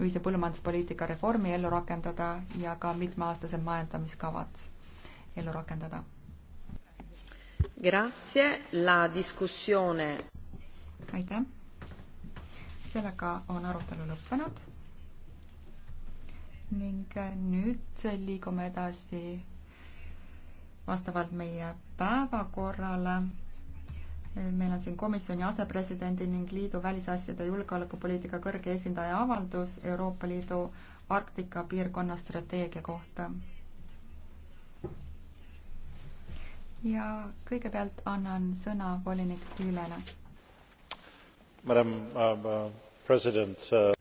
ühise põllumajanduspoliitika reformi ellu rakendada ja ka mitmeaastased majandamiskavad ellu rakendada. Grazie, la discussione. aitäh. sellega on arutelu lõppenud. ning nüüd liigume edasi vastavalt meie päevakorrale meil on siin komisjoni asepresidendi ning liidu välisasjade julgeolekupoliitika kõrge esindaja avaldus Euroopa Liidu Arktika piirkonna strateegia kohta. ja kõigepealt annan sõna volinik Kiilele. Madam uh, uh President uh....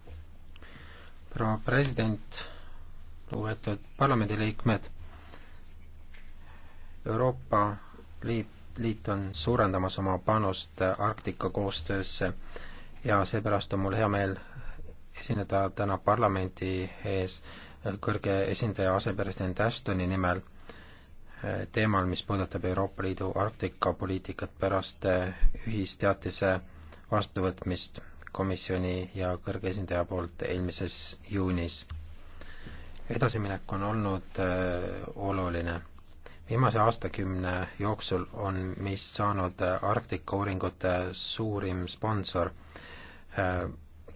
proua president, lugupeetud parlamendiliikmed, Euroopa Liit liit on suurendamas oma panust Arktika koostöösse ja seepärast on mul hea meel esineda täna parlamendi ees kõrge esindaja asepresident Ashtoni nimel eh, teemal, mis puudutab Euroopa Liidu Arktika poliitikat pärast eh, ühisteatise vastuvõtmist komisjoni ja kõrge esindaja poolt eelmises juunis. edasiminek on olnud äh, oluline viimase aastakümne jooksul on meist saanud Arktika uuringute suurim sponsor,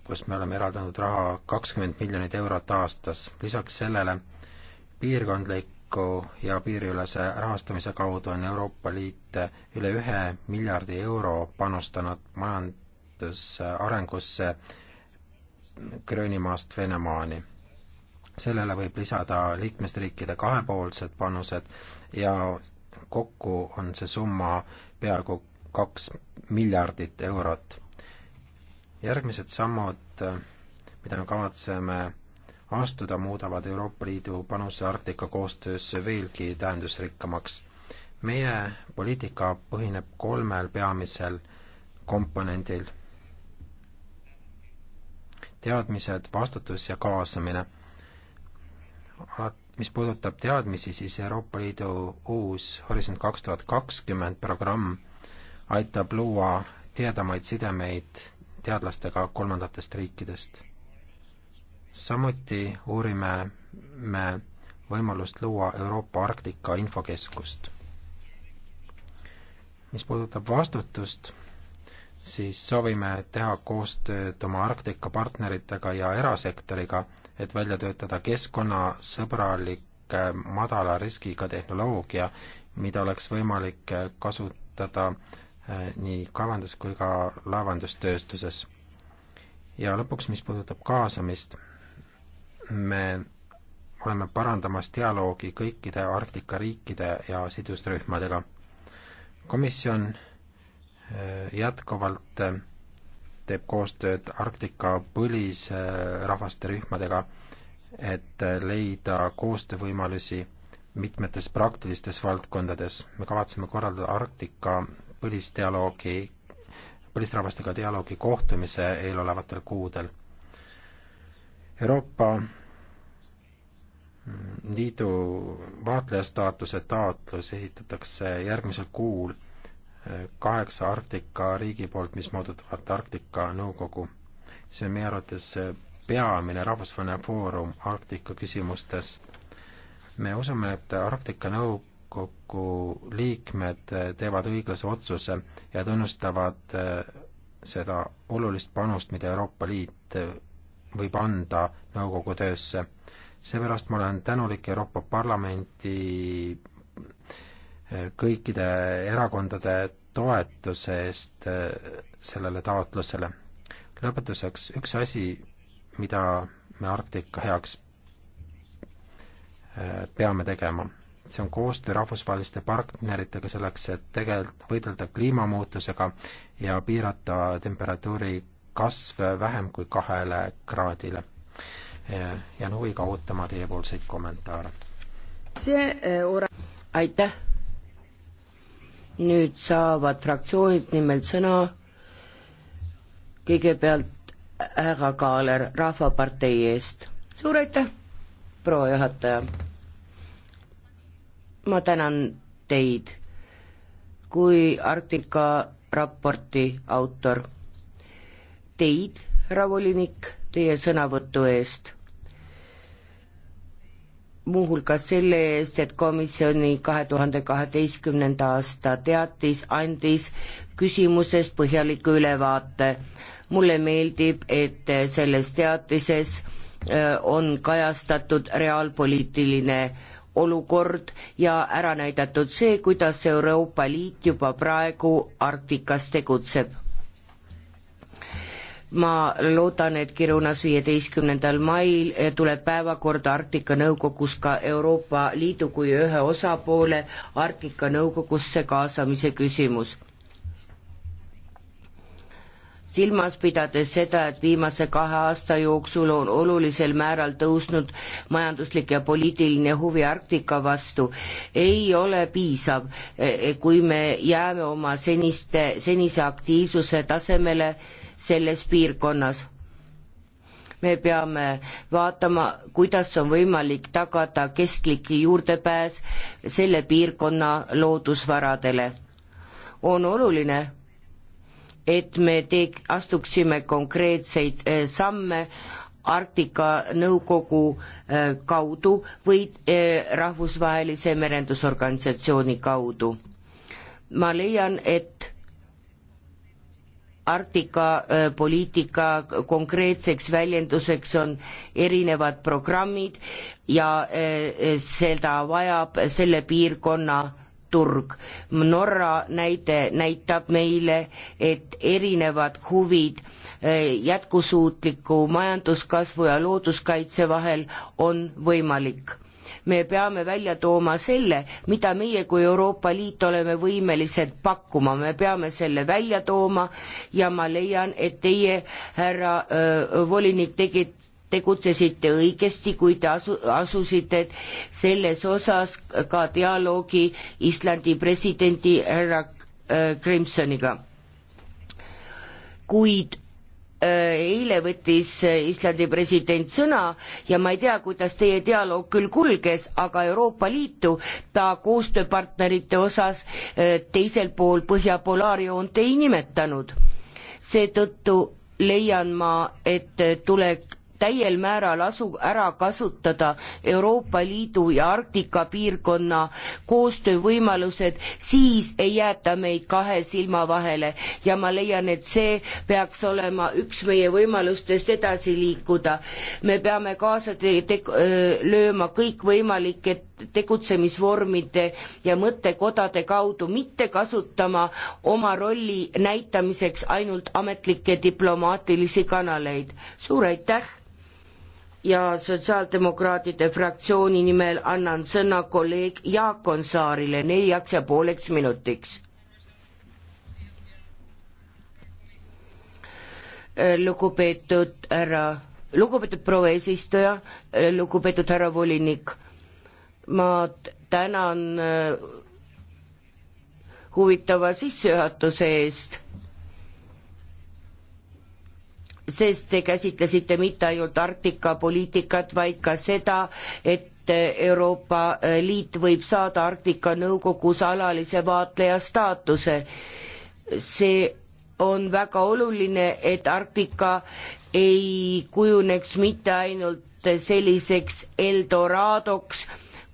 kus me oleme eraldanud raha kakskümmend miljonit eurot aastas. lisaks sellele piirkondliku ja piiriülese rahastamise kaudu on Euroopa Liit üle ühe miljardi euro panustanud majandusarengusse Gröönimaast Venemaani sellele võib lisada liikmesriikide kahepoolsed panused ja kokku on see summa peaaegu kaks miljardit eurot. järgmised sammud, mida me kavatseme astuda, muudavad Euroopa Liidu panuse Arktika koostöösse veelgi tähendusrikkamaks. meie poliitika põhineb kolmel peamisel komponendil. teadmised, vastutus ja kaasamine mis puudutab teadmisi, siis Euroopa Liidu uus Horisont kaks tuhat kakskümmend programm aitab luua tihedamaid sidemeid teadlastega kolmandatest riikidest. samuti uurime me võimalust luua Euroopa Arktika infokeskust. mis puudutab vastutust, siis soovime teha koostööd oma Arktika partneritega ja erasektoriga, et välja töötada keskkonnasõbralik madala riskiga tehnoloogia, mida oleks võimalik kasutada eh, nii kaevandus- kui ka laevandustööstuses. ja lõpuks, mis puudutab kaasamist, me oleme parandamas dialoogi kõikide Arktika riikide ja sidusrühmadega. komisjon jätkuvalt äh, teeb koostööd Arktika põlise rahvaste rühmadega, et äh, leida koostöövõimalusi mitmetes praktilistes valdkondades. me kavatseme korraldada Arktika põlisdialoogi, põlisrahvastega dialoogi kohtumise eelolevatel kuudel. Euroopa mm, Liidu vaatleja staatuse taotlus esitatakse järgmisel kuul kaheksa Arktika riigi poolt, mis moodutavad Arktika Nõukogu. see on meie arvates peamine rahvusvaheline foorum Arktika küsimustes. me usume, et Arktika Nõukogu liikmed teevad õiglase otsuse ja tunnustavad eh, seda olulist panust, mida Euroopa Liit eh, võib anda nõukogu töösse. seepärast ma olen tänulik Euroopa Parlamendi kõikide erakondade toetuse eest äh, sellele taotlusele. lõpetuseks üks asi, mida me Arktika heaks äh, peame tegema. see on koostöö rahvusvaheliste partneritega selleks, et tegelikult võidelda kliimamuutusega ja piirata temperatuuri kasv vähem kui kahele kraadile. jään huviga ootama teiepoolseid kommentaare. see, äh, aitäh nüüd saavad fraktsioonid nimelt sõna kõigepealt härra Kaaler Rahvapartei eest. suur aitäh, proua juhataja! ma tänan teid kui Arktika raporti autor. Teid, härra volinik, teie sõnavõtu eest muuhulgas selle eest, et komisjoni kahe tuhande kaheteistkümnenda aasta teatis andis küsimusest põhjaliku ülevaate. mulle meeldib, et selles teatises on kajastatud reaalpoliitiline olukord ja ära näidatud see, kuidas Euroopa Liit juba praegu Arktikas tegutseb ma loodan, et Kirunas viieteistkümnendal mail tuleb päevakorda Arktika Nõukogus ka Euroopa Liidu kui ühe osapoole Arktika Nõukogusse kaasamise küsimus silmas pidades seda, et viimase kahe aasta jooksul on olulisel määral tõusnud majanduslik ja poliitiline huvi Arktika vastu, ei ole piisav, eh, kui me jääme oma seniste, senise aktiivsuse tasemele selles piirkonnas me peame vaatama, kuidas on võimalik tagada kestlik juurdepääs selle piirkonna loodusvaradele. on oluline, et me te-, astuksime konkreetseid äh, samme Arktika Nõukogu äh, kaudu või äh, Rahvusvahelise Merendusorganisatsiooni kaudu. ma leian, et Arktika poliitika konkreetseks väljenduseks on erinevad programmid ja seda vajab selle piirkonna turg. Norra näide näitab meile, et erinevad huvid eh, jätkusuutliku majanduskasvu ja looduskaitse vahel on võimalik me peame välja tooma selle, mida meie kui Euroopa Liit oleme võimelised pakkuma, me peame selle välja tooma ja ma leian, et teie, härra äh, volinik, tegite tegutsesite õigesti, kui te asu, asusite selles osas ka dialoogi Islandi presidendi härra Grimsoniga. Äh, kuid äh, eile võttis äh, Islandi president sõna ja ma ei tea, kuidas teie dialoog küll kulges, aga Euroopa Liitu ta koostööpartnerite osas teisel pool Põhja polaarjoont ei nimetanud. seetõttu leian ma, et tuleks täiel määral asu, ära kasutada Euroopa Liidu ja Arktika piirkonna koostöövõimalused, siis ei jäeta meid kahe silma vahele ja ma leian, et see peaks olema üks meie võimalustest edasi liikuda. me peame kaasa te-, te-, lööma kõikvõimalike tegutsemisvormide ja mõttekodade kaudu, mitte kasutama oma rolli näitamiseks ainult ametlikke diplomaatilisi kanaleid. suur aitäh! ja Sotsiaaldemokraatide fraktsiooni nimel annan sõna kolleeg Jaak Onsaarile neljaks ja pooleks minutiks. lugupeetud härra, lugupeetud proua eesistuja, lugupeetud härra volinik, ma tänan äh, huvitava sissejuhatuse eest sest te käsitlesite mitte ainult Arktika poliitikat, vaid ka seda, et Euroopa Liit võib saada Arktika Nõukogus alalise vaatleja staatuse. see on väga oluline, et Arktika ei kujuneks mitte ainult selliseks Eldoradoks,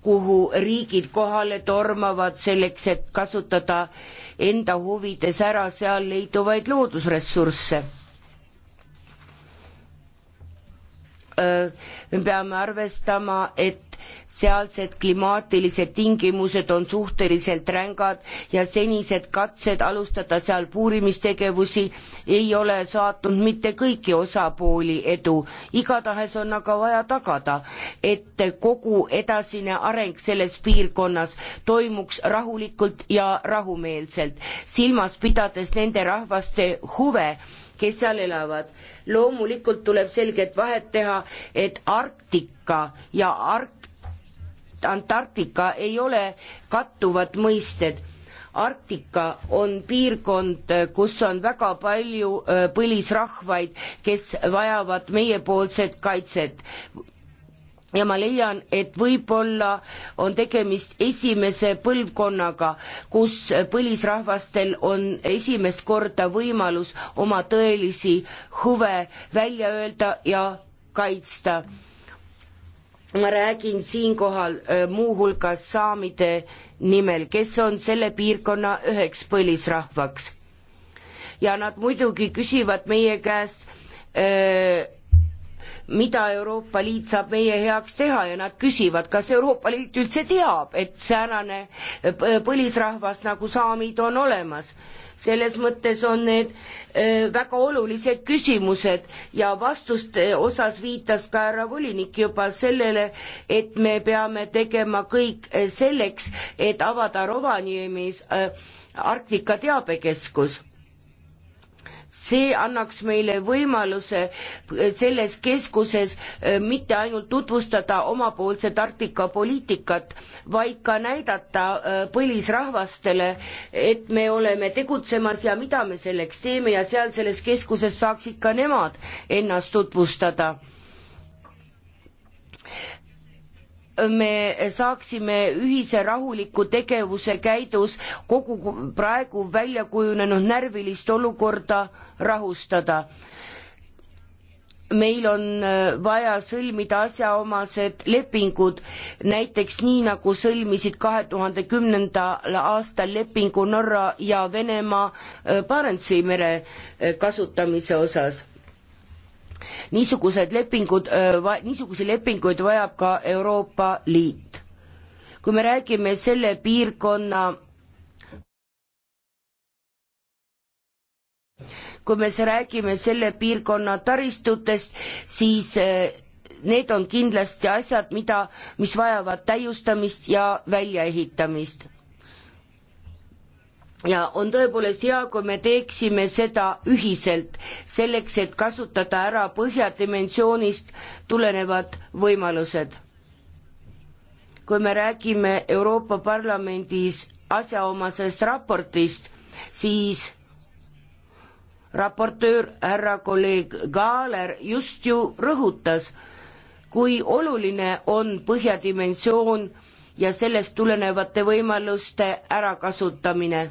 kuhu riigid kohale tormavad selleks, et kasutada enda huvides ära seal leiduvaid loodusressursse Äh, me peame arvestama, et sealsed klimaatilised tingimused on suhteliselt rängad ja senised katsed alustada seal puurimistegevusi ei ole saatnud mitte kõiki osapooli edu. igatahes on aga vaja tagada, et kogu edasine areng selles piirkonnas toimuks rahulikult ja rahumeelselt, silmas pidades nende rahvaste huve, kes seal elavad. loomulikult tuleb selget vahet teha, et Arktika ja Ark-, Antarktika ei ole kattuvad mõisted. Arktika on piirkond, kus on väga palju äh, põlisrahvaid, kes vajavad meiepoolset kaitset ja ma leian, et võib-olla on tegemist esimese põlvkonnaga, kus põlisrahvastel on esimest korda võimalus oma tõelisi huve välja öelda ja kaitsta. ma räägin siinkohal äh, muuhulgas saamide nimel, kes on selle piirkonna üheks põlisrahvaks. ja nad muidugi küsivad meie käest öö, äh, mida Euroopa Liit saab meie heaks teha ja nad küsivad, kas Euroopa Liit üldse teab, et säärane äh, põlisrahvas nagu saamid on olemas. selles mõttes on need äh, väga olulised küsimused ja vastuste osas viitas ka härra volinik juba sellele, et me peame tegema kõik äh, selleks, et avada Rovaniemis Arktika teabekeskus see annaks meile võimaluse eh, selles keskuses eh, mitte ainult tutvustada omapoolset Arktika poliitikat, vaid ka näidata eh, põlisrahvastele, et me oleme tegutsemas ja mida me selleks teeme ja seal selles keskuses saaksid ka nemad ennast tutvustada me saaksime ühise rahuliku tegevuse käidus kogu praegu välja kujunenud närvilist olukorda rahustada. meil on äh, vaja sõlmida asjaomased lepingud, näiteks nii, nagu sõlmisid kahe tuhande kümnendal aastal lepingu Norra ja Venemaa äh, Barentsi mere äh, kasutamise osas niisugused lepingud, niisuguseid lepinguid vajab ka Euroopa Liit. kui me räägime selle piirkonna kui me räägime selle piirkonna taristutest, siis need on kindlasti asjad, mida, mis vajavad täiustamist ja väljaehitamist ja on tõepoolest hea, kui me teeksime seda ühiselt, selleks et kasutada ära põhjadimensioonist tulenevad võimalused. kui me räägime Euroopa Parlamendis asjaomasest raportist, siis raportöör härra kolleeg Kaaler just ju rõhutas, kui oluline on põhjadimensioon ja sellest tulenevate võimaluste ärakasutamine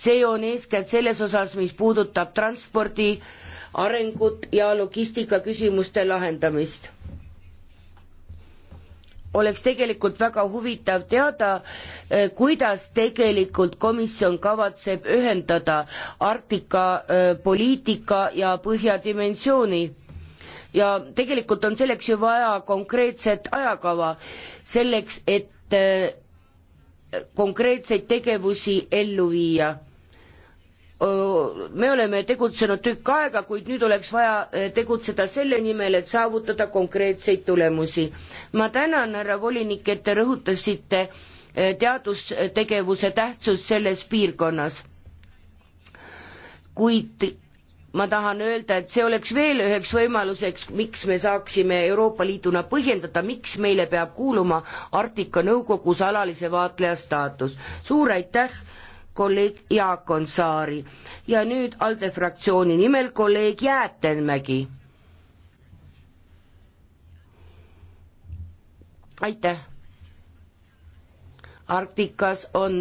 see on eeskätt selles osas, mis puudutab transpordi arengut ja logistika küsimuste lahendamist. oleks tegelikult väga huvitav teada, eh, kuidas tegelikult komisjon kavatseb ühendada Arktika eh, poliitika ja põhjadimensiooni ja tegelikult on selleks ju vaja konkreetset ajakava selleks, et eh, konkreetseid tegevusi ellu viia me oleme tegutsenud tükk aega, kuid nüüd oleks vaja tegutseda selle nimel, et saavutada konkreetseid tulemusi. ma tänan, härra volinik, et te rõhutasite teadustegevuse tähtsust selles piirkonnas. kuid ma tahan öelda, et see oleks veel üheks võimaluseks, miks me saaksime Euroopa Liiduna põhjendada, miks meile peab kuuluma Arktika Nõukogus alalise vaatleja staatus. suur aitäh kolleeg Jaakonsaari ja nüüd ALDE fraktsiooni nimel kolleeg Jäätenmägi. aitäh. Arktikas on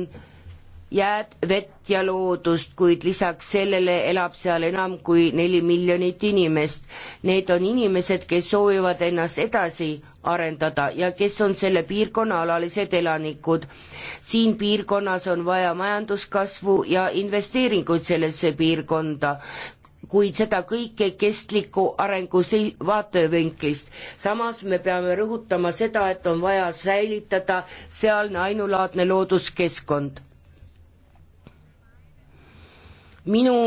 jääd, vett ja loodust, kuid lisaks sellele elab seal enam kui neli miljonit inimest. Need on inimesed, kes soovivad ennast edasi arendada ja kes on selle piirkonna alalised elanikud siin piirkonnas on vaja majanduskasvu ja investeeringuid sellesse piirkonda, kuid seda kõike kestliku arengu vaatevinklist. samas me peame rõhutama seda, et on vaja säilitada sealne ainulaadne looduskeskkond. minu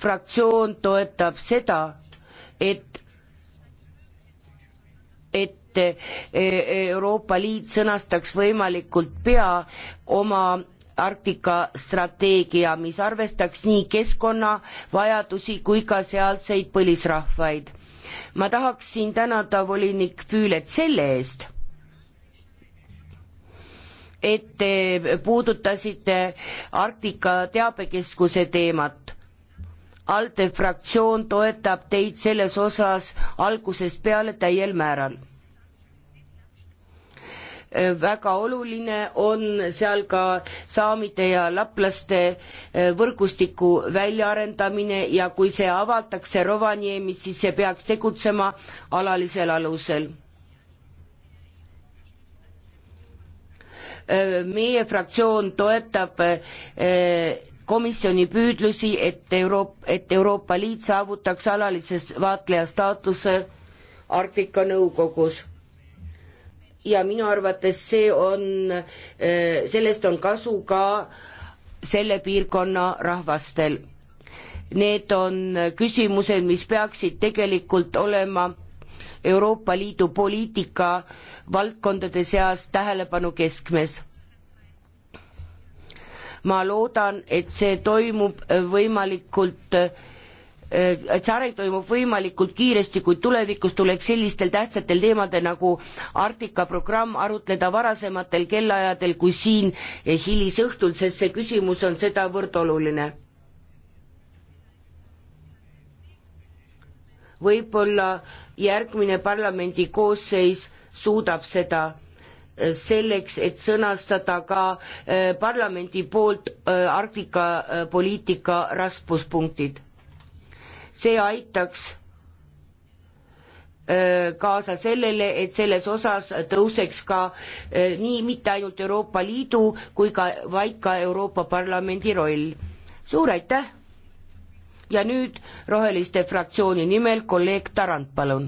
fraktsioon toetab seda, et et e, Euroopa Liit sõnastaks võimalikult pea oma Arktika strateegia, mis arvestaks nii keskkonnavajadusi kui ka sealseid põlisrahvaid. ma tahaksin tänada volinik Füület selle eest, et te puudutasite Arktika Teabekeskuse teemat. ALDE fraktsioon toetab teid selles osas algusest peale täiel määral väga oluline on seal ka saamide ja laplaste eh, võrgustiku väljaarendamine ja kui see avatakse Rovaniemis, siis see peaks tegutsema alalisel alusel. Eh, meie fraktsioon toetab eh, komisjoni püüdlusi, et Euroop-, et Euroopa Liit saavutaks alalises vaatleja staatuse Arktika Nõukogus ja minu arvates see on, eh, sellest on kasu ka selle piirkonna rahvastel. Need on küsimused, mis peaksid tegelikult olema Euroopa Liidu poliitika valdkondade seas tähelepanu keskmes. ma loodan, et see toimub võimalikult äh, et see areng toimub võimalikult kiiresti, kuid tulevikus tuleks sellistel tähtsatel teemadel nagu Arktika programm arutleda varasematel kellaajadel kui siin hilisõhtul, sest see küsimus on sedavõrd oluline. võib-olla järgmine parlamendi koosseis suudab seda eh, selleks, et sõnastada ka eh, parlamendi poolt eh, Arktika poliitika raskuspunktid see aitaks äh, kaasa sellele, et selles osas tõuseks ka äh, nii mitte ainult Euroopa Liidu kui ka, vaid ka Euroopa Parlamendi roll. suur aitäh! ja nüüd Roheliste fraktsiooni nimel kolleeg Tarand, palun.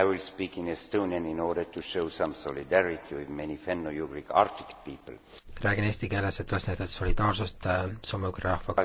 I will speak in Estonian in order to show some solidarity with many fenno-ugric arctic people. räägin eesti keeles, et üles näidata solidaarsust äh, soome-ugri rahvaga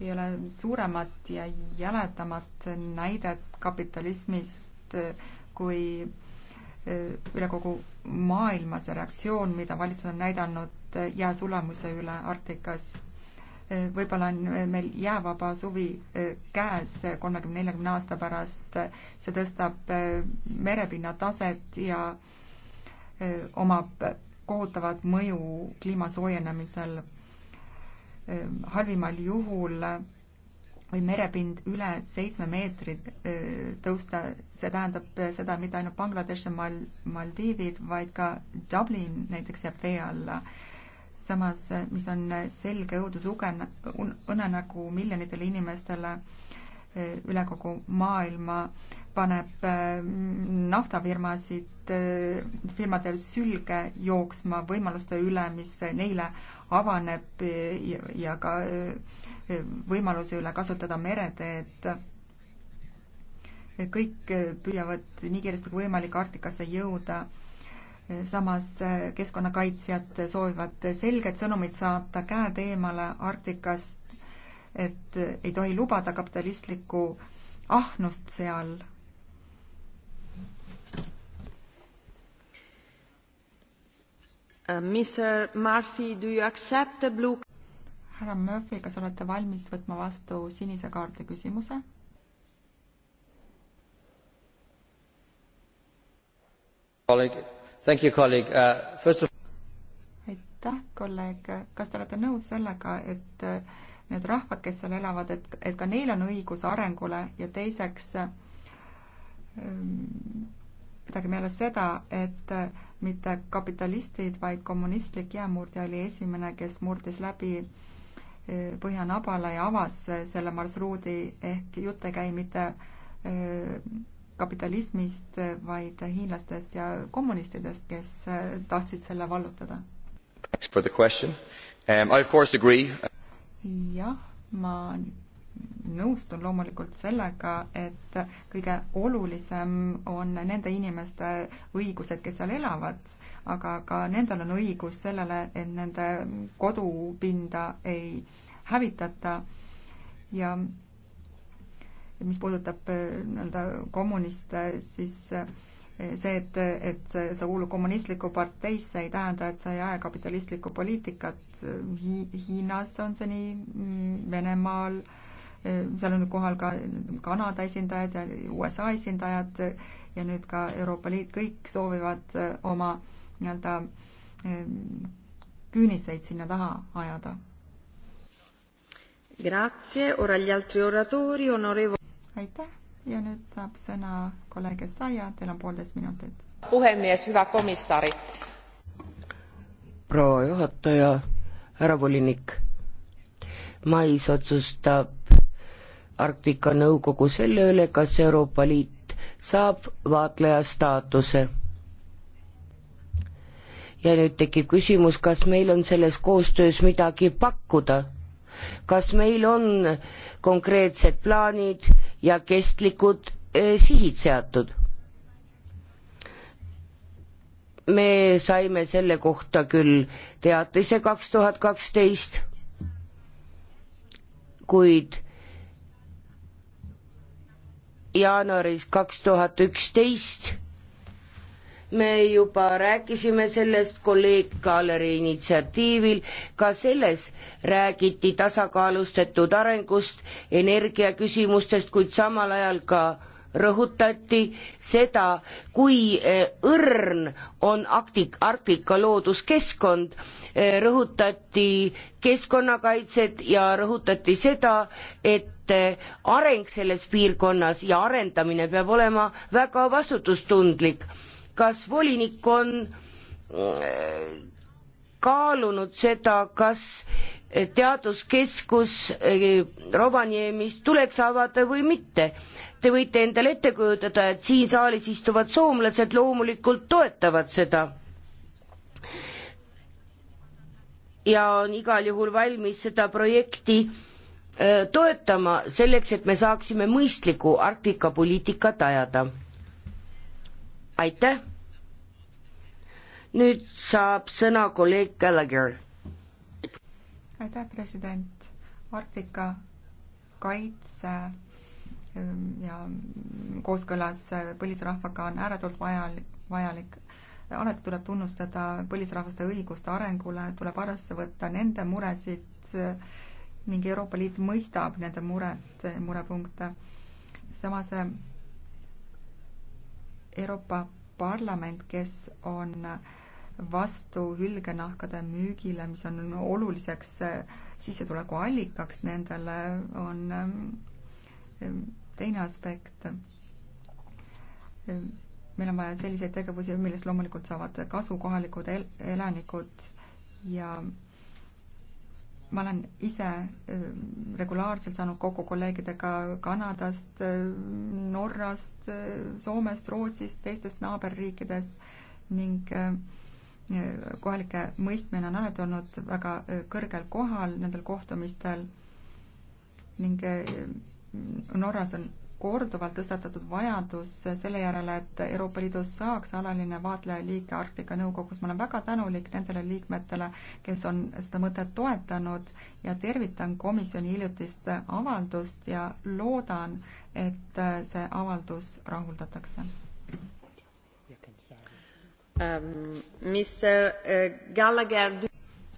ei ole suuremat ja jäledamat näidet kapitalismist eh, kui eh, üle kogu maailma see reaktsioon, mida valitsus on näidanud eh, jää sulamise üle Arktikas. võib-olla on meil jäävaba suvi käes kolmekümne, neljakümne aasta pärast, see tõstab merepinna taset ja omab kohutavat mõju kliima soojenemisel Ehm, halvimal juhul võib merepind üle seitsme meetri ehm, tõusta, see tähendab eh, seda mitte ainult Bangladesh ja Mal-, Maldiivid, vaid ka Dublin näiteks jääb vee alla. samas, eh, mis on eh, selge õudusugen-, õnnenägu miljonitele inimestele üle kogu maailma, paneb ehm, naftafirmasid, firmadel sülge jooksma võimaluste üle, mis neile avaneb ja ka eh, võimaluse üle kasutada mereteed. kõik püüavad nii kiiresti kui võimalik Arktikasse jõuda. samas keskkonnakaitsjad soovivad selget sõnumit saata, käed eemale Arktikast, et ei tohi lubada kapitalistlikku ahnust seal Uh, Mr Murphy, do you accept the blue? härra Murphy, kas olete valmis võtma vastu sinise kaardi küsimuse? Uh, aitäh, kolleeg, kas te olete nõus sellega, et uh, need rahvad, kes seal elavad, et, et ka neil on õigus arengule ja teiseks ähm, pidage meeles seda, et mitte kapitalistid, vaid kommunistlik jäämurdja oli esimene, kes murdis läbi eh, Põhjanabala ja avas selle marsruudi ehk jutt ei käi mitte eh, kapitalismist, vaid hiinlastest ja kommunistidest, kes eh, tahtsid selle vallutada. Um, jah, ma nõustun loomulikult sellega, et kõige olulisem on nende inimeste õigused, kes seal elavad, aga ka nendel on õigus sellele, et nende kodupinda ei hävitata ja mis puudutab äh, nii-öelda kommuniste, siis äh, see, et, et sa kuulud kommunistlikku parteisse, ei tähenda, et sa ei aja kapitalistlikku poliitikat Hi. Hiinas on see nii, mm, Venemaal äh,, seal on kohal ka Kanada esindajad ja USA esindajad ja nüüd ka Euroopa Liit, kõik soovivad eh, oma nii-öelda eh, küüniseid sinna taha ajada. aitäh ja nüüd saab sõna kolleeg Essaia, teil on poolteist minutit. puhemees, hüva komissari. proua juhataja, härra volinik, mais otsustab Arktika Nõukogu selle üle, kas Euroopa Liit saab vaatleja staatuse. ja nüüd tekib küsimus, kas meil on selles koostöös midagi pakkuda kas meil on konkreetsed plaanid ja kestlikud eh, sihid seatud. me saime selle kohta küll teatise kaks tuhat kaksteist, kuid jaanuaris kaks tuhat üksteist. me juba rääkisime sellest kolleeg Kaaleri initsiatiivil, ka selles räägiti tasakaalustatud arengust, energiaküsimustest, kuid samal ajal ka rõhutati seda, kui eh, õrn on Arktik, Arktika looduskeskkond, eh, rõhutati keskkonnakaitset ja rõhutati seda, et ettevõtete areng selles piirkonnas ja arendamine peab olema väga vastutustundlik. kas volinik on äh, kaalunud seda, kas teaduskeskus äh, Rovaniemis tuleks avada või mitte. Te võite endale ette kujutada, et siin saalis istuvad soomlased loomulikult toetavad seda. ja on igal juhul valmis seda projekti toetama selleks, et me saaksime mõistlikku Arktika poliitikat ajada. aitäh. nüüd saab sõna kolleeg Gallagher. aitäh, president. Arktika kaitse ja kooskõlas põlisrahvaga on ääretult vajal, vajalik alati tuleb tunnustada põlisrahvaste õiguste arengule, tuleb arvesse võtta nende muresid, ning Euroopa Liit mõistab nende muret, murepunkte. samas eh, Euroopa Parlament, kes on vastu hülgenahkade müügile, mis on oluliseks eh, sissetulekuallikaks nendele, on eh, teine aspekt. meil on vaja selliseid tegevusi, millest loomulikult saavad kasu kohalikud el elanikud ja ma olen ise ähm, regulaarselt saanud kokku kolleegidega Kanadast, äh, Norrast, äh, Soomest, Rootsist, teistest naaberriikidest ning äh, kohalike mõistmine on alati olnud väga kõrgel kohal nendel kohtumistel ning Norras on korduvalt tõstatatud vajadus selle järele, et Euroopa Liidus saaks alaline vaatlejaliige Arktika Nõukogus. ma olen väga tänulik nendele liikmetele, kes on seda mõtet toetanud ja tervitan komisjoni hiljutist avaldust ja loodan, et see avaldus rahuldatakse um,.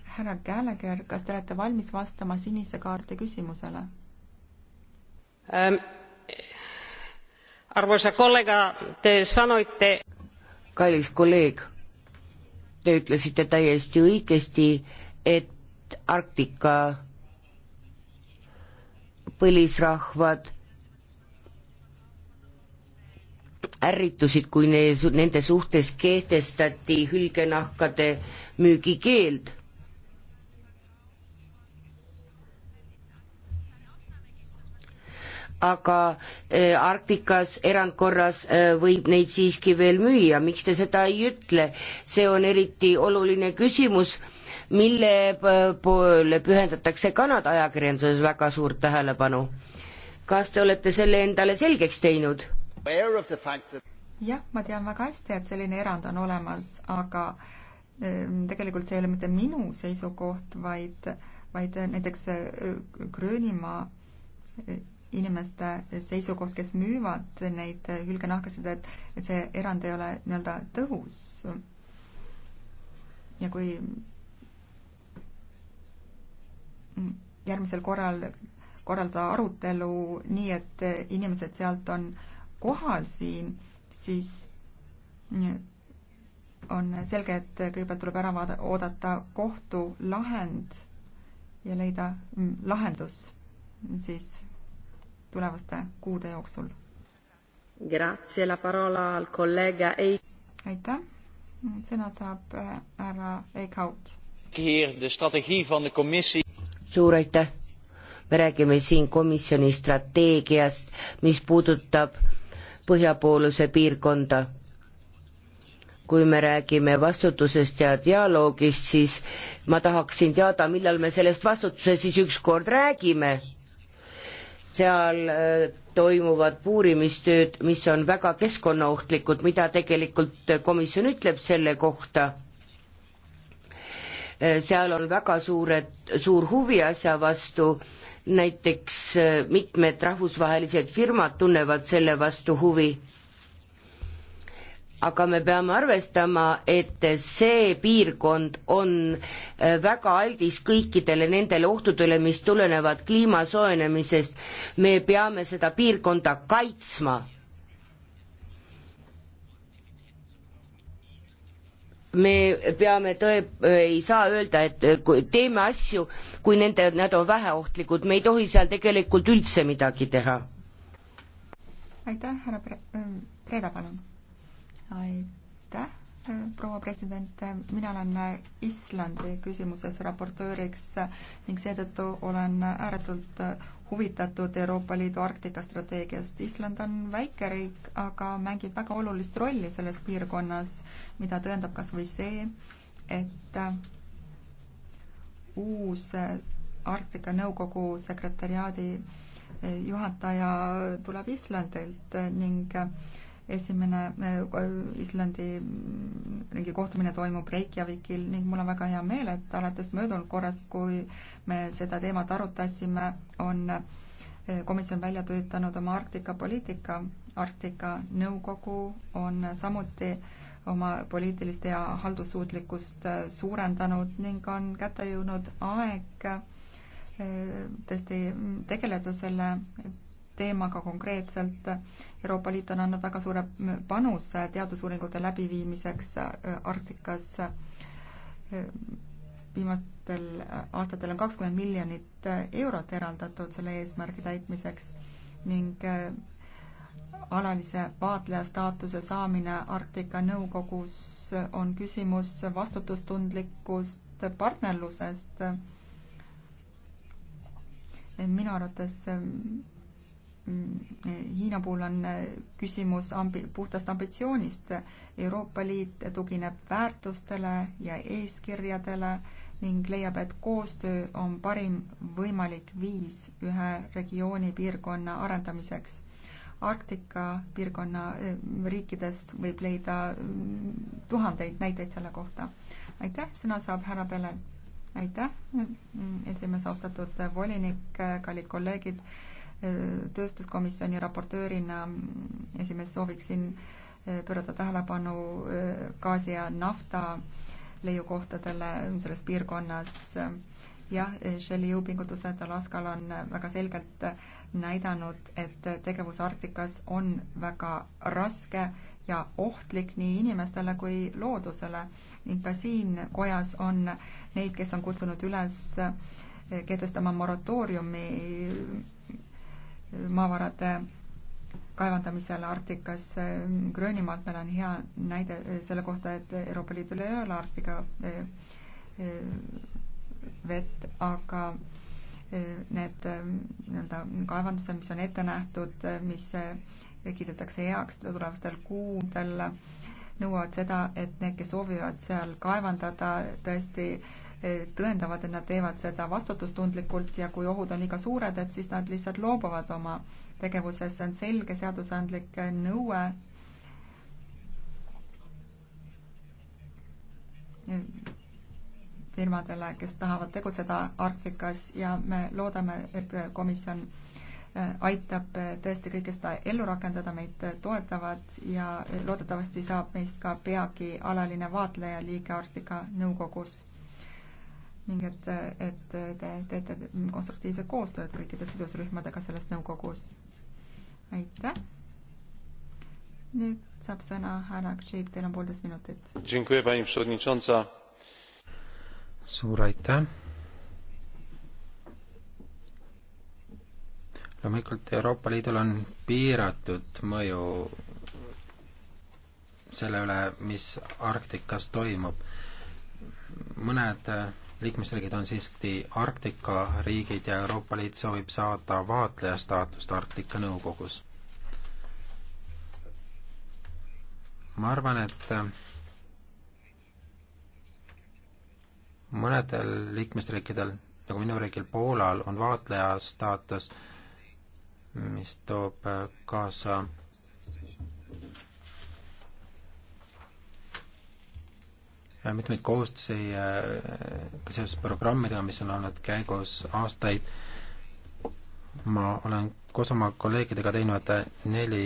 härra Gallagher, kas te olete valmis vastama sinise kaardi küsimusele um.? arvoisa kollega te sanoitte kallis kolleeg te ütlesite täiesti õigesti et arktika põlisrahvad ärritusid, kui ne, nende suhtes kehtestati hülgenahkade müügikeeld. aga eh, Arktikas erandkorras eh, võib neid siiski veel müüa, miks te seda ei ütle? see on eriti oluline küsimus, mille poole pühendatakse Kanada ajakirjanduses väga suurt tähelepanu. kas te olete selle endale selgeks teinud? jah, ma tean väga hästi, et selline erand on olemas, aga ehm, tegelikult see ei ole mitte minu seisukoht, vaid, vaid näiteks eh, Gröönimaa inimeste seisukoht, kes müüvad neid hülgenahkasid, et, et see erand ei ole nii-öelda tõhus. ja kui järgmisel korral korraldada arutelu nii, et inimesed sealt on kohal siin, siis on selge, et kõigepealt tuleb ära vaada, oodata kohtulahend ja leida lahendus siis tulevaste kuude jooksul. aitäh, sõna saab äh, härra Eichhout. suur aitäh, me räägime siin komisjoni strateegiast, mis puudutab põhjapooluse piirkonda kui me räägime vastutusest ja dialoogist, siis ma tahaksin teada, millal me sellest vastutuse siis ükskord räägime seal äh, toimuvad puurimistööd, mis on väga keskkonnaohtlikud, mida tegelikult komisjon ütleb selle kohta. Äh, seal on väga suured, suur huvi asja vastu, näiteks äh, mitmed rahvusvahelised firmad tunnevad selle vastu huvi aga me peame arvestama, et see piirkond on äh, väga aldis kõikidele nendele ohtudele, mis tulenevad kliima soojenemisest. me peame seda piirkonda kaitsma. me peame tõe, ei saa öelda, et äh, teeme asju, kui nende, nad on väheohtlikud, me ei tohi seal tegelikult üldse midagi teha. aitäh, härra Pre-, ähm, Preeda, palun aitäh, proua president, mina olen Islandi küsimuses raportööriks ning seetõttu olen ääretult huvitatud Euroopa Liidu Arktika strateegiast. Island on väike riik, aga mängib väga olulist rolli selles piirkonnas, mida tõendab kas või see, et uus Arktika Nõukogu sekretäriaadi juhataja tuleb Islandilt ning esimene äh, Islandi mingi kohtumine toimub Reykjavikil ning mul on väga hea meel, et alates möödunud korrast, kui me seda teemat arutasime, on äh, komisjon välja töötanud oma Arktika poliitika. Arktika nõukogu on samuti oma poliitilist ja haldussuutlikkust äh, suurendanud ning on kätte jõudnud aeg tõesti tegeleda selle teemaga konkreetselt. Euroopa Liit on andnud väga suure panuse teadusuuringute läbiviimiseks äh, Arktikas. Äh, viimastel äh, aastatel on kakskümmend miljonit eurot eraldatud selle eesmärgi täitmiseks ning alalise vaatleja staatuse saamine Arktika Nõukogus on küsimus vastutustundlikust partnerlusest minu arvates Hiina puhul on küsimus ambi-, puhtast ambitsioonist. Euroopa Liit tugineb väärtustele ja eeskirjadele ning leiab, et koostöö on parim võimalik viis ühe regiooni piirkonna arendamiseks. Arktika piirkonna eh, riikidest võib leida mm, tuhandeid näiteid selle kohta. aitäh, sõna saab härra Pele. aitäh, mm, esimees, austatud volinik, kallid kolleegid tööstuskomisjoni raportöörina esimees sooviksin eh, pöörata tähelepanu eh, gaasi ja nafta leiukohtadele selles piirkonnas. jah, eh, Shelli jõupingutused Alaskal on väga selgelt näidanud, et tegevus Arktikas on väga raske ja ohtlik nii inimestele kui loodusele ning ka siin kojas on neid, kes on kutsunud üles kehtestama moratooriumi maavarade kaevandamisele Arktikas. Gröönimaalt meil on hea näide selle kohta, et Euroopa Liidul ei ole Arktika e, e, vett, aga e, need nii-öelda kaevandused, mis on ette nähtud, mis kiidetakse heaks tulevastel kuudel, nõuavad seda, et need, kes soovivad seal kaevandada, tõesti äh, tõendavad, et nad teevad seda vastutustundlikult ja kui ohud on liiga suured, et siis nad lihtsalt loobuvad oma tegevuses, see on selge seadusandlik nõue. firmadele, kes tahavad tegutseda Arktikas ja me loodame, et komisjon äh, aitab äh, tõesti kõike seda ellu rakendada, meid toetavad ja äh, loodetavasti saab meist ka peagi alaline vaatlejaliige Arktika nõukogus ning et, et te teete konstruktiivset koostööd kõikide sidusrühmadega selles nõukogus. aitäh. nüüd saab sõna härra Kšik, teil on poolteist minutit. suur aitäh. loomulikult Euroopa Liidul on piiratud mõju selle üle, mis Arktikas toimub. mõned liikmesriigid on siiski Arktika riigid ja Euroopa Liit soovib saada vaatleja staatust Arktika Nõukogus. ma arvan, et mõnedel liikmesriikidel, nagu minu riigil Poolal, on vaatleja staatus, mis toob kaasa Äh, mitmeid kohustusi äh, ka seoses programmidega, mis on olnud käigus aastaid. ma olen koos oma kolleegidega teinud neli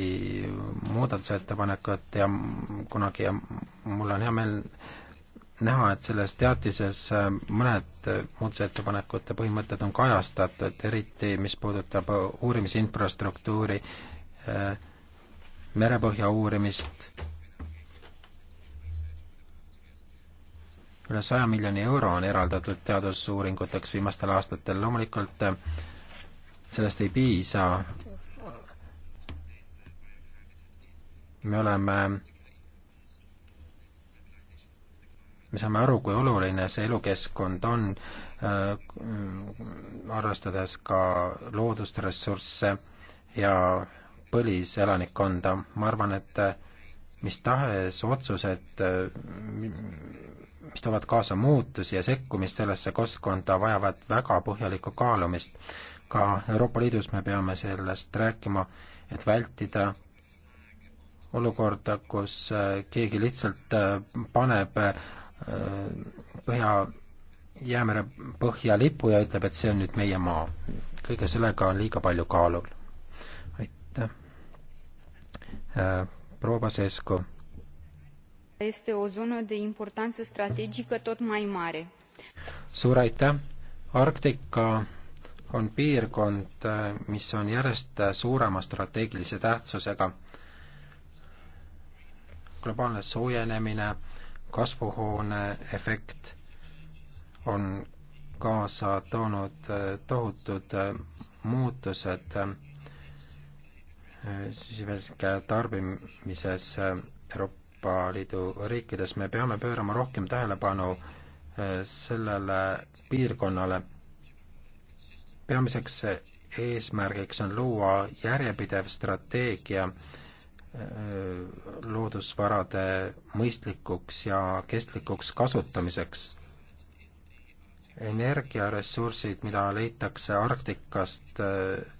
muudatusettepanekut ja kunagi ja mul on hea meel näha, et selles teatises äh, mõned muudatusettepanekute põhimõtted on kajastatud, eriti mis puudutab uurimisinfrastruktuuri, merepõhja uurimist üle saja miljoni euro on eraldatud teadusuuringuteks viimastel aastatel, loomulikult äh, sellest ei piisa. me oleme, me saame aru, kui oluline see elukeskkond on äh,, arvestades ka loodust, ressursse ja põliselanikkonda, ma arvan, et äh, mis tahes otsused, mis toovad kaasa muutusi ja sekkumist sellesse keskkonda, vajavad väga põhjalikku kaalumist. ka Euroopa Liidus me peame sellest rääkima, et vältida olukorda, kus äh, keegi lihtsalt äh, paneb äh, Põhja, Jäämere põhja lipu ja ütleb, et see on nüüd meie maa. kõige sellega on liiga palju kaalul. aitäh proua Pasescu. este o zonă de importanță strategică tot mai mare. suur aitäh, Arktika on piirkond, mis on järjest suurema strateegilise tähtsusega. globaalne soojenemine, kasvuhooneefekt on kaasa toonud tohutud muutused siseveske tarbimises Euroopa Liidu riikides, me peame pöörama rohkem tähelepanu eh, sellele piirkonnale. peamiseks eesmärgiks on luua järjepidev strateegia eh, loodusvarade mõistlikuks ja kestlikuks kasutamiseks energiaressursid, mida leitakse Arktikast, eh,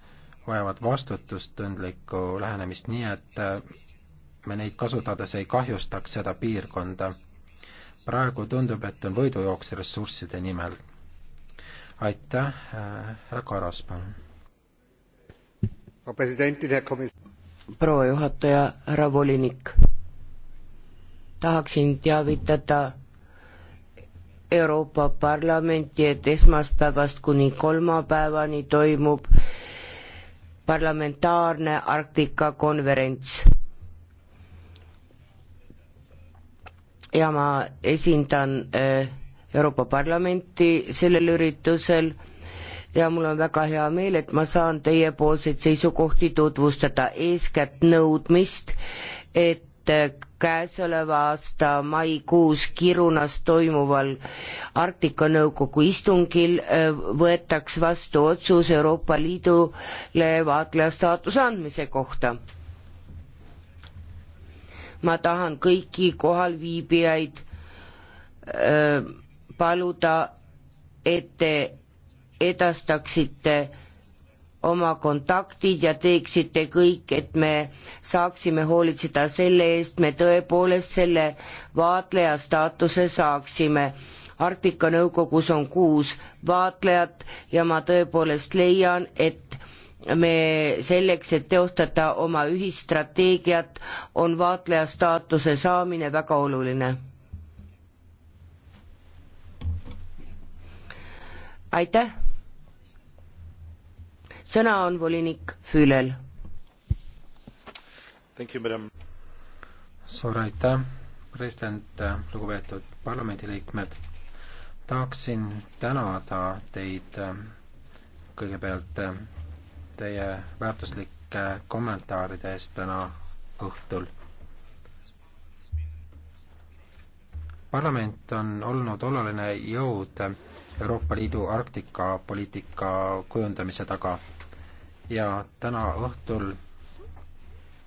vajavad vastutustundlikku lähenemist nii, et äh, me neid kasutades ei kahjustaks seda piirkonda. praegu tundub, et on võidujooks ressursside nimel. aitäh, äh, härra Karas, palun. proua juhataja, härra volinik, tahaksin teavitada Euroopa Parlamenti, et esmaspäevast kuni kolmapäevani toimub parlamentaarne Arktika konverents. ja ma esindan äh, Euroopa Parlamenti sellel üritusel ja mul on väga hea meel, et ma saan teiepoolseid seisukohti tutvustada, eeskätt nõudmist, et käesoleva aasta maikuus Kirunas toimuval Arktika Nõukogu istungil äh, võetaks vastu otsus Euroopa Liidule vaatleja staatuse andmise kohta. ma tahan kõiki kohalviibijaid äh, paluda, et te edastaksite oma kontaktid ja teeksite kõik, et me saaksime hoolitseda selle eest, me tõepoolest selle vaatleja staatuse saaksime. Arktika Nõukogus on kuus vaatlejat ja ma tõepoolest leian, et me selleks, et teostada oma ühisstrateegiat, on vaatleja staatuse saamine väga oluline. aitäh! sõna on volinik Füülel. suur aitäh, president, lugupeetud parlamendiliikmed. tahaksin tänada teid äh, kõigepealt äh, teie väärtuslike kommentaaride eest täna õhtul. parlament on olnud oluline jõud Euroopa Liidu Arktika poliitika kujundamise taga ja täna õhtul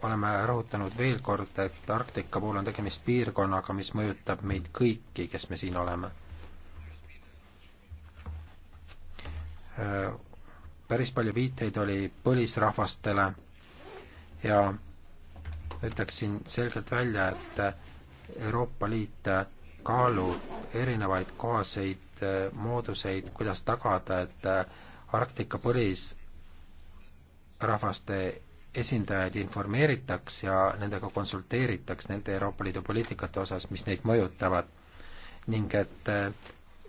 oleme rõhutanud veel kord, et Arktika puhul on tegemist piirkonnaga, mis mõjutab meid kõiki, kes me siin oleme. päris palju viiteid oli põlisrahvastele ja ütleksin selgelt välja, et Euroopa Liit kaalub erinevaid kohaseid mooduseid, kuidas tagada, et Arktika põlis rahvaste esindajaid informeeritaks ja nendega konsulteeritaks nende Euroopa Liidu poliitikate osas, mis neid mõjutavad ning et äh,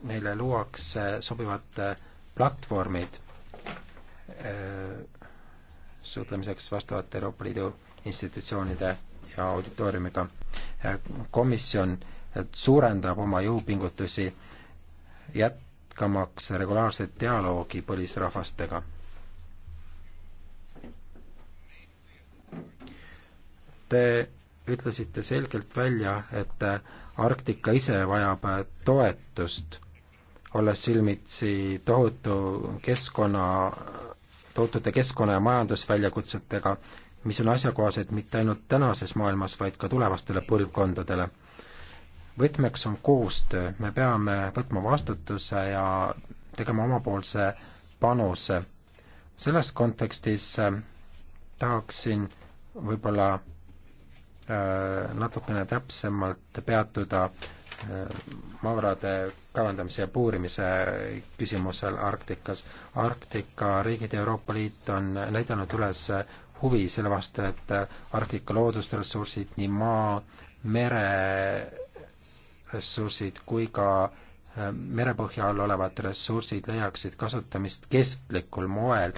neile luuakse äh, sobivad äh, platvormid suhtlemiseks vastavate Euroopa Liidu institutsioonide ja auditooriumiga. komisjon suurendab oma jõupingutusi jätkamaks regulaarset dialoogi põlisrahvastega Te ütlesite selgelt välja, et Arktika ise vajab toetust, olles silmitsi tohutu keskkonna, tohutute keskkonna ja majandusväljakutsetega, mis on asjakohased mitte ainult tänases maailmas, vaid ka tulevastele põlvkondadele. võtmeks on koostöö, me peame võtma vastutuse ja tegema omapoolse panuse. selles kontekstis tahaksin võib-olla Äh, natukene täpsemalt peatuda äh, maavarade kaevandamise ja puurimise küsimusel Arktikas. Arktika riigid ja Euroopa Liit on näidanud üles huvi selle vastu, et Arktika loodusressursid, nii maa, mereressursid kui ka äh, merepõhja all olevad ressursid leiaksid kasutamist kestlikul moel,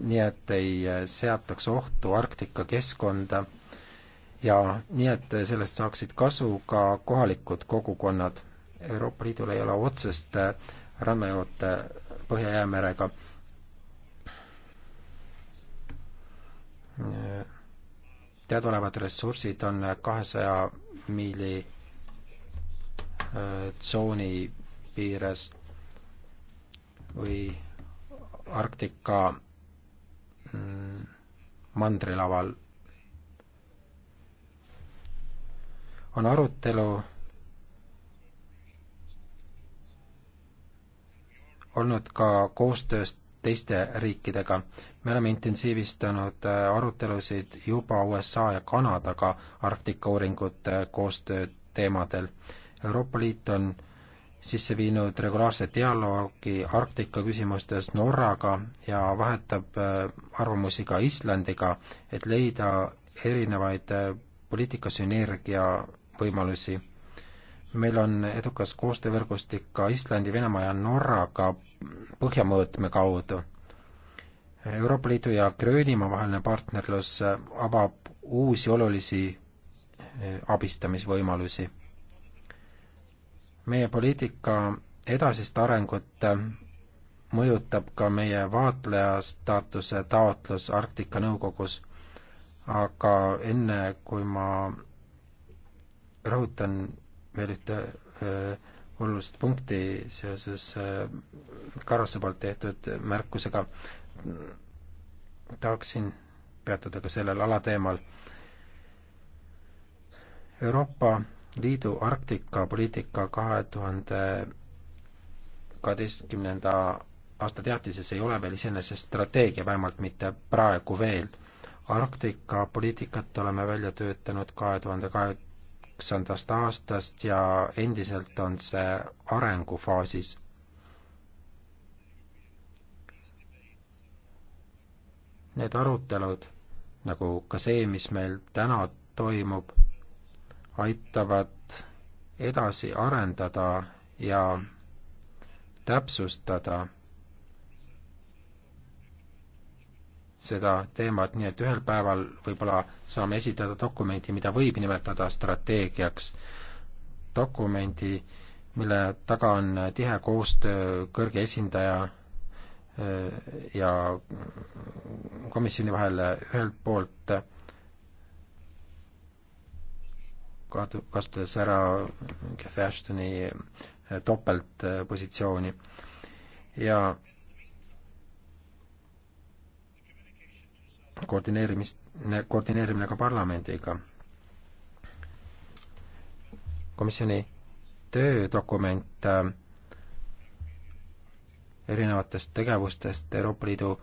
nii et ei seataks ohtu Arktika keskkonda ja nii, et sellest saaksid kasu ka kohalikud kogukonnad. Euroopa Liidul ei ole otsest äh, rännajoont Põhja-Jäämerega. Äh, teadaolevad ressursid on kahesaja miili äh, tsooni piires või Arktika mm, mandrilaval on arutelu olnud ka koostöös teiste riikidega. me oleme intensiivistanud äh, arutelusid juba USA ja Kanadaga Arktika uuringute äh, koostöö teemadel. Euroopa Liit on sisse viinud regulaarse dialoogi Arktika küsimustes Norraga ja vahetab äh, arvamusi ka Islandiga, et leida erinevaid poliitikasünergia võimalusi. meil on edukas koostöövõrgustik ka Islandi, Venemaa ja Norraga põhjamõõtme kaudu. Euroopa Liidu ja Gröönimaa vaheline partnerlus avab uusi olulisi eh, abistamisvõimalusi. meie poliitika edasist arengut eh, mõjutab ka meie vaatleja staatuse taotlus Arktika Nõukogus. aga enne, kui ma rõhutan veel ühte äh, olulist punkti seoses äh, Karose poolt tehtud märkusega. tahaksin peatuda ka sellel alateemal. Euroopa Liidu Arktika poliitika kahe tuhande kaheteistkümnenda aasta teatises ei ole veel iseenesest strateegia, vähemalt mitte praegu veel. Arktika poliitikat oleme välja töötanud kahe tuhande kahe üheksandast aastast ja endiselt on see arengufaasis. Need arutelud, nagu ka see, mis meil täna toimub, aitavad edasi arendada ja täpsustada seda teemat, nii et ühel päeval võib-olla saame esitada dokumendi, mida võib nimetada strateegiaks. dokumendi, mille taga on tihe koostöö kõrge esindaja äh, ja komisjoni vahel ühelt poolt kasutades ära Cathy Ashtoni äh, topeltpositsiooni ja koordineerimist, koordineerimine ka parlamendiga. komisjoni töödokument äh, erinevatest tegevustest Euroopa Liidu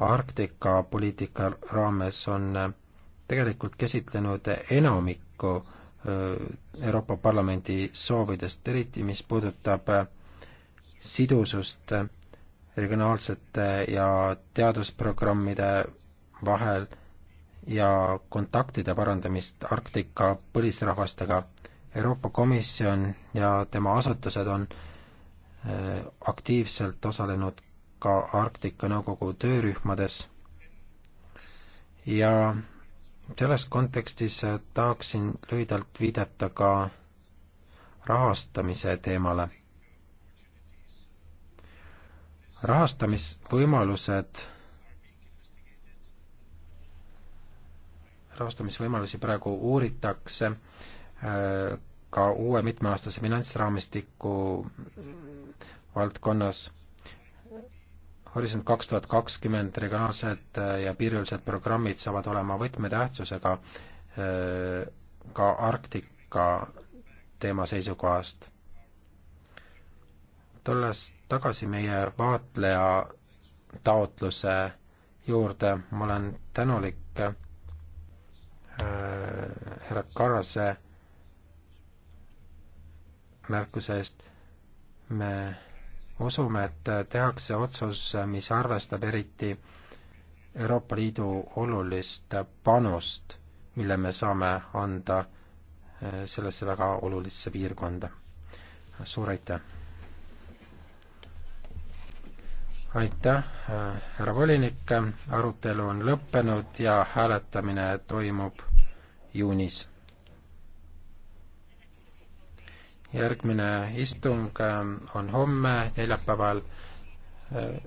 Arktika poliitika raames on äh, tegelikult käsitlenud enamikku äh, Euroopa Parlamendi soovidest, eriti mis puudutab sidusust regionaalsete ja teadusprogrammide vahel ja kontaktide parandamist Arktika põlisrahvastega. Euroopa Komisjon ja tema asutused on äh, aktiivselt osalenud ka Arktika Nõukogu töörühmades ja selles kontekstis äh, tahaksin lühidalt viidata ka rahastamise teemale. rahastamisvõimalused rahastamisvõimalusi praegu uuritakse, äh, ka uue mitmeaastase finantsraamistiku mm, valdkonnas Horisont kaks tuhat kakskümmend regionaalsed äh, ja piirilised programmid saavad olema võtmetähtsusega äh, ka Arktika teema seisukohast. tulles tagasi meie vaatleja taotluse juurde, ma olen tänulik Äh, härra Karase märkuse eest. me usume, et tehakse otsus, mis arvestab eriti Euroopa Liidu olulist panust, mille me saame anda äh, sellesse väga olulisse piirkonda. suur aitäh! aitäh, härra volinik, arutelu on lõppenud ja hääletamine toimub juunis. järgmine istung äh, on homme, neljapäeval äh,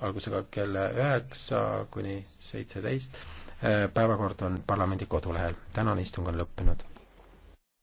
algusega kella üheksa kuni seitseteist. Äh, päevakord on parlamendi kodulehel. tänane istung on lõppenud